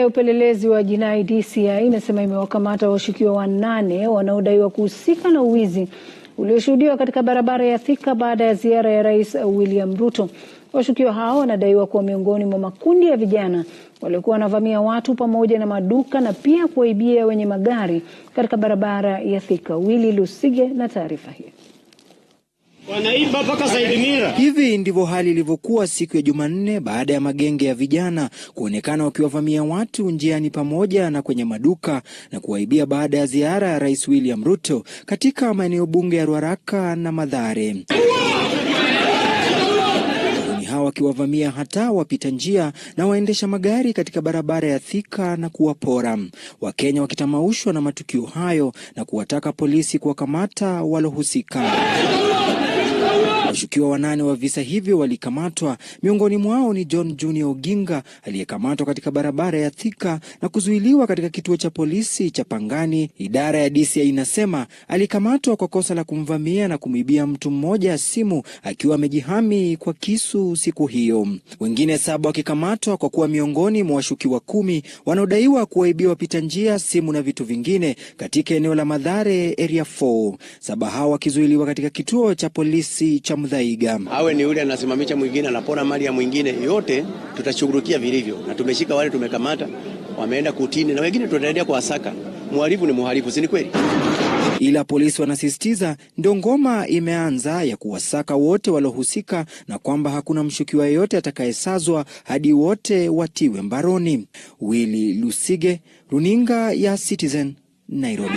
ya upelelezi wa jinai DCI inasema imewakamata washukiwa wanane wanaodaiwa kuhusika na uwizi ulioshuhudiwa katika barabara ya Thika baada ya ziara ya Rais William Ruto. Washukiwa hao wanadaiwa kuwa miongoni mwa makundi ya vijana waliokuwa wanavamia watu pamoja na maduka na pia kuwaibia wenye magari katika barabara ya Thika. Willy Lusige na taarifa hiyo. Wanaiba mpaka Saidimira. Hivi ndivyo hali ilivyokuwa siku ya Jumanne baada ya magenge ya vijana kuonekana wakiwavamia watu njiani pamoja na kwenye maduka na kuwaibia baada ya ziara ya Rais William Ruto katika maeneo bunge ya Ruaraka na Mathare. Hawa wakiwavamia hata wapita njia na waendesha magari katika barabara ya Thika na kuwapora. Wakenya wakitamaushwa na matukio hayo na kuwataka polisi kuwakamata walohusika. Washukiwa wanane wa visa hivyo walikamatwa. Miongoni mwao ni John Junior Oginga aliyekamatwa katika barabara ya Thika na kuzuiliwa katika kituo cha polisi cha Pangani. Idara ya DCI inasema alikamatwa kwa kosa la kumvamia na kumwibia mtu mmoja simu akiwa amejihami kwa kisu siku hiyo. Wengine saba wakikamatwa kwa kuwa miongoni mwa washukiwa kumi wanaodaiwa kuwaibia wapita njia simu na vitu vingine katika eneo la Madhare area 4. Saba hao wakizuiliwa katika kituo cha polisi cha Muthaiga. Awe ni yule anasimamisha mwingine, anapona mali ya mwingine, yote tutashughulikia vilivyo, na tumeshika wale tumekamata, wameenda kutini na wengine tutaendelea kuwasaka. Mhalifu ni mhalifu, si ni kweli? Ila polisi wanasisitiza ndo ngoma imeanza ya kuwasaka wote waliohusika na kwamba hakuna mshukiwa yeyote atakayesazwa hadi wote watiwe mbaroni. Willy Lusige, runinga ya Citizen, Nairobi.